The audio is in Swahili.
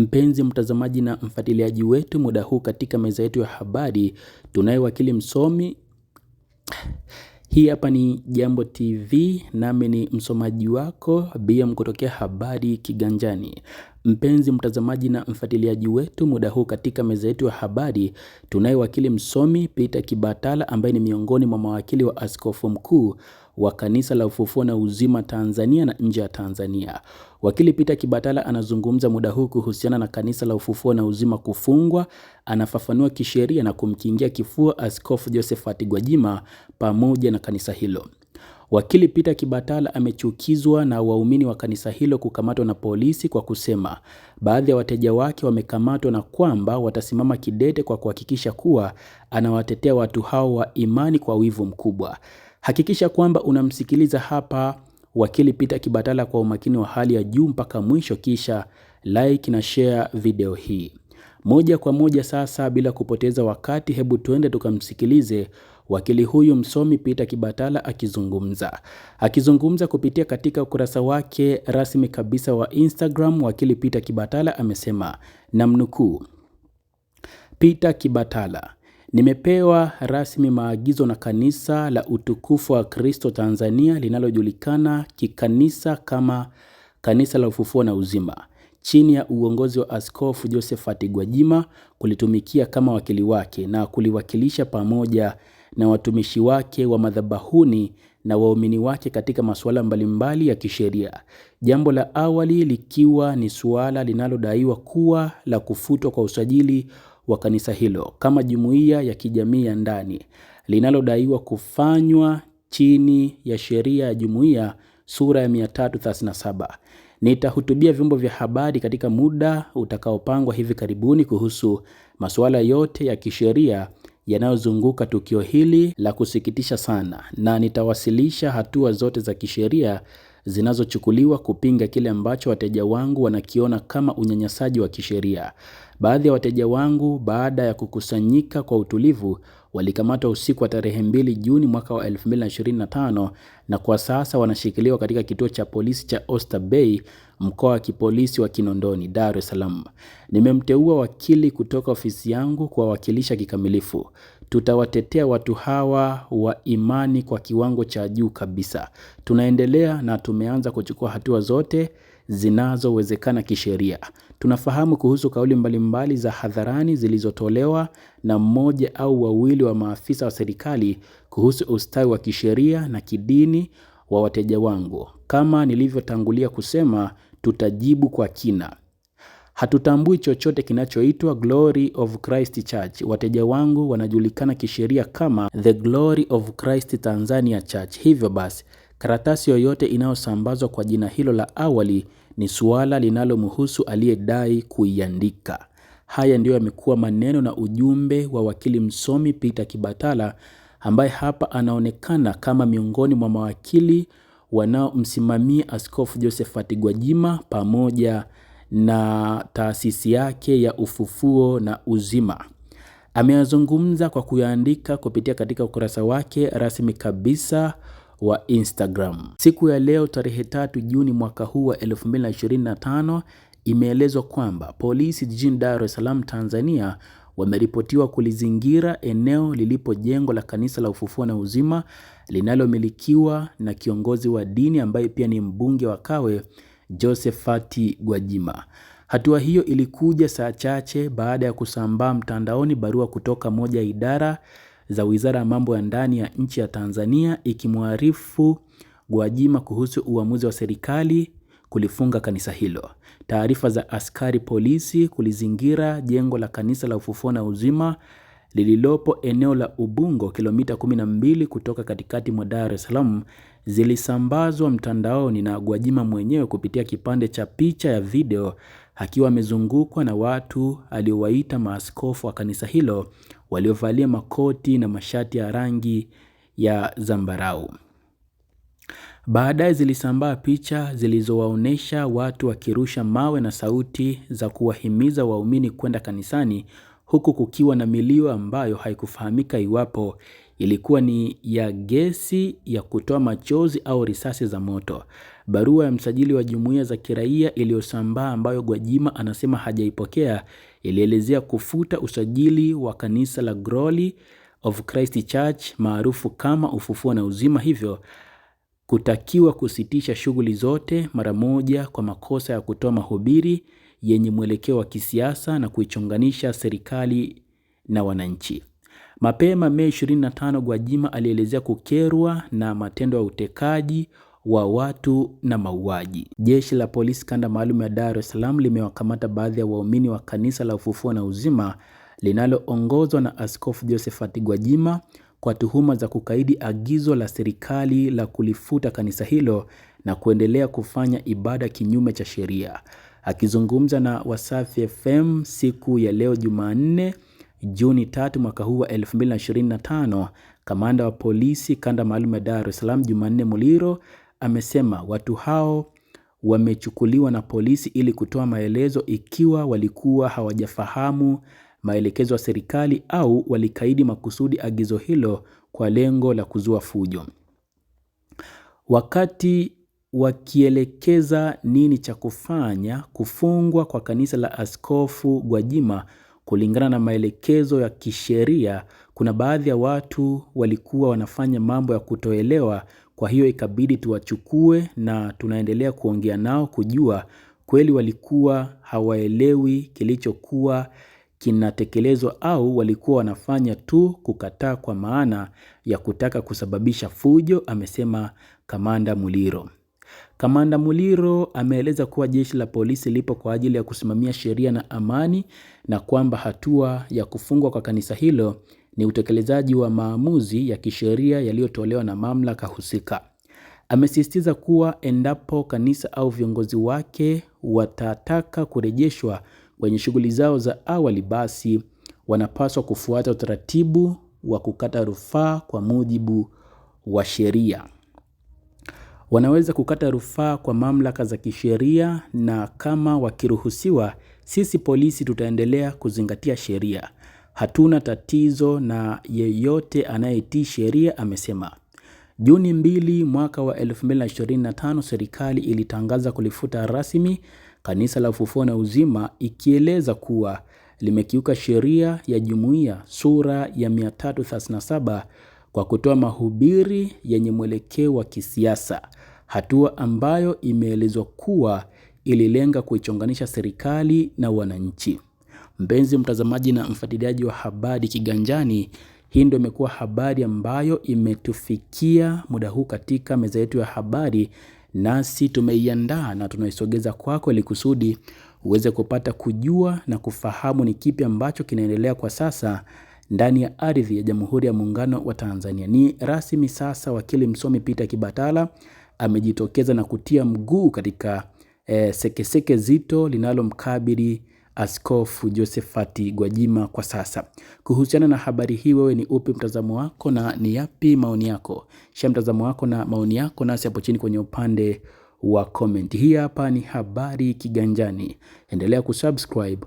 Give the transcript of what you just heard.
Mpenzi mtazamaji na mfuatiliaji wetu, muda huu katika meza yetu ya habari tunaye wakili msomi. Hii hapa ni Jambo TV, nami ni msomaji wako BM kutokea Habari Kiganjani. Mpenzi mtazamaji na mfuatiliaji wetu, muda huu katika meza yetu ya habari tunaye wakili msomi Peter Kibatala ambaye ni miongoni mwa mawakili wa askofu mkuu wa kanisa la Ufufuo na Uzima Tanzania na nje ya Tanzania. Wakili Peter Kibatala anazungumza muda huu kuhusiana na kanisa la Ufufuo na Uzima kufungwa. Anafafanua kisheria na kumkingia kifua Askofu Josephat Gwajima pamoja na kanisa hilo. Wakili Peter Kibatala amechukizwa na waumini wa kanisa hilo kukamatwa na polisi kwa kusema baadhi ya wateja wake wamekamatwa na kwamba watasimama kidete kwa kuhakikisha kuwa anawatetea watu hao wa imani kwa wivu mkubwa. Hakikisha kwamba unamsikiliza hapa wakili Peter Kibatala kwa umakini wa hali ya juu mpaka mwisho, kisha like na share video hii moja kwa moja. Sasa bila kupoteza wakati, hebu tuende tukamsikilize wakili huyu msomi Peter Kibatala akizungumza akizungumza kupitia katika ukurasa wake rasmi kabisa wa Instagram. Wakili Peter Kibatala amesema namnukuu, Peter Kibatala Nimepewa rasmi maagizo na Kanisa la Utukufu wa Kristo Tanzania linalojulikana kikanisa kama Kanisa la Ufufuo na Uzima chini ya uongozi wa Askofu Josephat Gwajima kulitumikia kama wakili wake na kuliwakilisha pamoja na watumishi wake wa madhabahuni na waumini wake katika masuala mbalimbali ya kisheria, jambo la awali likiwa ni suala linalodaiwa kuwa la kufutwa kwa usajili wa kanisa hilo kama jumuiya ya kijamii ya ndani linalodaiwa kufanywa chini ya sheria ya jumuiya sura ya 337. Nitahutubia vyombo vya habari katika muda utakaopangwa hivi karibuni kuhusu masuala yote ya kisheria yanayozunguka tukio hili la kusikitisha sana na nitawasilisha hatua zote za kisheria zinazochukuliwa kupinga kile ambacho wateja wangu wanakiona kama unyanyasaji wa kisheria. Baadhi ya wateja wangu baada ya kukusanyika kwa utulivu walikamatwa usiku wa tarehe 2 Juni mwaka wa 2025 na kwa sasa wanashikiliwa katika kituo cha polisi cha Oyster Bay, mkoa wa kipolisi wa Kinondoni, Dar es Salaam. Nimemteua wakili kutoka ofisi yangu kuwawakilisha kikamilifu. Tutawatetea watu hawa wa imani kwa kiwango cha juu kabisa. Tunaendelea na tumeanza kuchukua hatua zote zinazowezekana kisheria. Tunafahamu kuhusu kauli mbalimbali za hadharani zilizotolewa na mmoja au wawili wa maafisa wa serikali kuhusu ustawi wa kisheria na kidini wa wateja wangu. Kama nilivyotangulia kusema, tutajibu kwa kina. Hatutambui chochote kinachoitwa Glory of Christ Church. Wateja wangu wanajulikana kisheria kama The Glory of Christ Tanzania Church. Hivyo basi, karatasi yoyote inayosambazwa kwa jina hilo la awali ni suala linalomhusu aliyedai kuiandika. Haya ndiyo yamekuwa maneno na ujumbe wa wakili msomi Peter Kibatala ambaye hapa anaonekana kama miongoni mwa mawakili wanaomsimamia Askofu Josephat Gwajima pamoja na taasisi yake ya Ufufuo na Uzima. Ameyazungumza kwa kuyaandika kupitia katika ukurasa wake rasmi kabisa wa Instagram. Siku ya leo tarehe tatu Juni mwaka huu wa 2025 imeelezwa kwamba polisi jijini Dar es Salaam, Tanzania wameripotiwa kulizingira eneo lilipo jengo la kanisa la Ufufuo na Uzima linalomilikiwa na kiongozi wa dini ambaye pia ni mbunge wa Kawe Josephati Gwajima. Hatua hiyo ilikuja saa chache baada ya kusambaa mtandaoni barua kutoka moja ya idara za Wizara ya Mambo ya Ndani ya nchi ya Tanzania ikimwarifu Gwajima kuhusu uamuzi wa serikali kulifunga kanisa hilo. Taarifa za askari polisi kulizingira jengo la Kanisa la Ufufuo na Uzima lililopo eneo la Ubungo, kilomita 12 kutoka katikati mwa Dar es Salaam zilisambazwa mtandaoni na Gwajima mwenyewe kupitia kipande cha picha ya video akiwa amezungukwa na watu aliowaita maaskofu wa kanisa hilo waliovalia makoti na mashati ya rangi ya zambarau. Baadaye zilisambaa picha zilizowaonyesha watu wakirusha mawe na sauti za kuwahimiza waumini kwenda kanisani huku kukiwa na milio ambayo haikufahamika iwapo ilikuwa ni ya gesi ya kutoa machozi au risasi za moto. Barua ya msajili wa jumuiya za kiraia iliyosambaa ambayo Gwajima anasema hajaipokea ilielezea kufuta usajili wa kanisa la Glory of Christ Church maarufu kama Ufufuo na Uzima, hivyo kutakiwa kusitisha shughuli zote mara moja kwa makosa ya kutoa mahubiri yenye mwelekeo wa kisiasa na kuichonganisha serikali na wananchi. Mapema Mei 25, Gwajima alielezea kukerwa na matendo ya utekaji wa watu na mauaji. Jeshi la polisi kanda maalum ya Dar es Salaam limewakamata baadhi ya waumini wa kanisa la Ufufuo na Uzima linaloongozwa na Askofu Josephat Gwajima kwa tuhuma za kukaidi agizo la serikali la kulifuta kanisa hilo na kuendelea kufanya ibada kinyume cha sheria. Akizungumza na Wasafi FM siku ya leo Jumanne Juni tatu mwaka huu wa 2025, kamanda wa polisi kanda maalum ya Dar es Salaam Jumanne Muliro amesema watu hao wamechukuliwa na polisi ili kutoa maelezo ikiwa walikuwa hawajafahamu maelekezo ya serikali au walikaidi makusudi agizo hilo kwa lengo la kuzua fujo. Wakati wakielekeza nini cha kufanya, kufungwa kwa kanisa la Askofu Gwajima Kulingana na maelekezo ya kisheria, kuna baadhi ya watu walikuwa wanafanya mambo ya kutoelewa, kwa hiyo ikabidi tuwachukue na tunaendelea kuongea nao kujua kweli walikuwa hawaelewi kilichokuwa kinatekelezwa au walikuwa wanafanya tu kukataa kwa maana ya kutaka kusababisha fujo, amesema Kamanda Muliro. Kamanda Muliro ameeleza kuwa jeshi la polisi lipo kwa ajili ya kusimamia sheria na amani na kwamba hatua ya kufungwa kwa kanisa hilo ni utekelezaji wa maamuzi ya kisheria yaliyotolewa na mamlaka husika. Amesisitiza kuwa endapo kanisa au viongozi wake watataka kurejeshwa kwenye shughuli zao za awali, basi wanapaswa kufuata utaratibu wa kukata rufaa kwa mujibu wa sheria wanaweza kukata rufaa kwa mamlaka za kisheria, na kama wakiruhusiwa, sisi polisi tutaendelea kuzingatia sheria. Hatuna tatizo na yeyote anayetii sheria, amesema. Juni 2 mwaka wa 2025 serikali ilitangaza kulifuta rasmi Kanisa la Ufufuo na Uzima, ikieleza kuwa limekiuka sheria ya jumuiya sura ya 337 kwa kutoa mahubiri yenye mwelekeo wa kisiasa, hatua ambayo imeelezwa kuwa ililenga kuichonganisha serikali na wananchi. Mpenzi mtazamaji na mfuatiliaji wa Habari Kiganjani, hii ndio imekuwa habari ambayo imetufikia muda huu katika meza yetu ya habari, nasi tumeiandaa na tunaisogeza kwako ili kusudi uweze kupata kujua na kufahamu ni kipi ambacho kinaendelea kwa sasa ndani ya ardhi ya Jamhuri ya Muungano wa Tanzania. Ni rasmi sasa, wakili msomi Peter Kibatala amejitokeza na kutia mguu katika eh, sekeseke zito linalomkabili Askofu Josephat Gwajima kwa sasa. Kuhusiana na habari hii, wewe ni upi mtazamo wako na ni yapi maoni yako? Shia mtazamo wako na maoni yako nasi hapo chini kwenye upande wa comment. Hii hapa ni habari Kiganjani, endelea kusubscribe